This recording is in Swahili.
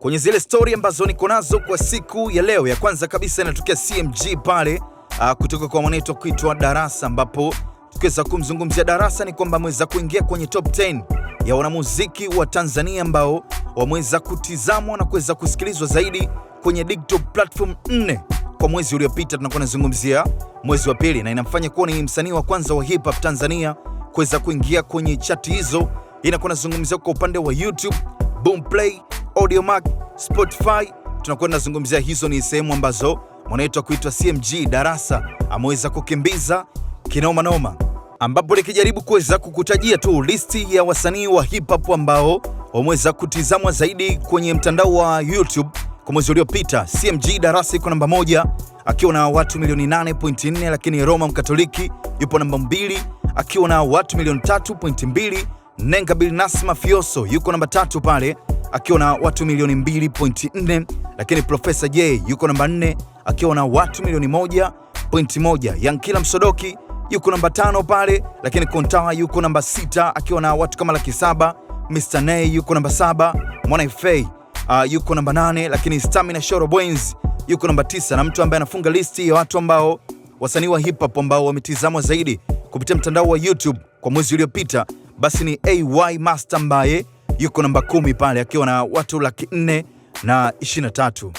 kwenye zile stori ambazo niko nazo kwa siku ya leo. Ya kwanza kabisa inatokea CMG pale uh, kutoka kwa mwanaitwa kuitwa Darasa, ambapo tukiweza kumzungumzia Darasa ni kwamba ameweza kuingia kwenye top 10 ya wanamuziki wa Tanzania ambao wameweza kutizamwa na kuweza kusikilizwa zaidi kwenye digital platform 4 kwa mwezi uliopita. Tunakuwa nazungumzia mwezi wa pili, na inamfanya kuwa ni msanii wa kwanza wa hip hop Tanzania kuweza kuingia kwenye chati hizo. Inakuwa nazungumzia kwa upande wa YouTube Boomplay Audiomack, Spotify. Tunakuwa tunazungumzia hizo ni sehemu ambazo mwanaitwa kuitwa CMG Darasa ameweza kukimbiza kinoma noma, ambapo likijaribu kuweza kukutajia tu listi ya wasanii wa hip hop ambao wameweza kutizamwa zaidi kwenye mtandao wa YouTube kwa mwezi uliopita. CMG Darasa iko namba moja akiwa na watu milioni 8.4, lakini Roma Mkatoliki yupo namba mbili akiwa na watu milioni 3.2. Nenga Bilnas Mafioso yuko namba tatu pale akiwa na watu milioni 2.4, lakini Profesa J yuko namba 4 akiwa na watu milioni 1.1. Yankila Msodoki yuko namba tano pale, lakini Kontaa yuko namba sita akiwa na watu kama laki saba. Mr Nay yuko namba saba, Mwana FA uh, yuko namba nane, lakini Stamina Shoro Boys yuko namba tisa, na mtu ambaye anafunga listi ya watu ambao wasanii wa hip hop ambao wametizamwa zaidi kupitia mtandao wa YouTube kwa mwezi uliopita basi ni AY Master ambaye yuko namba kumi pale akiwa na watu laki nne na ishirini na tatu.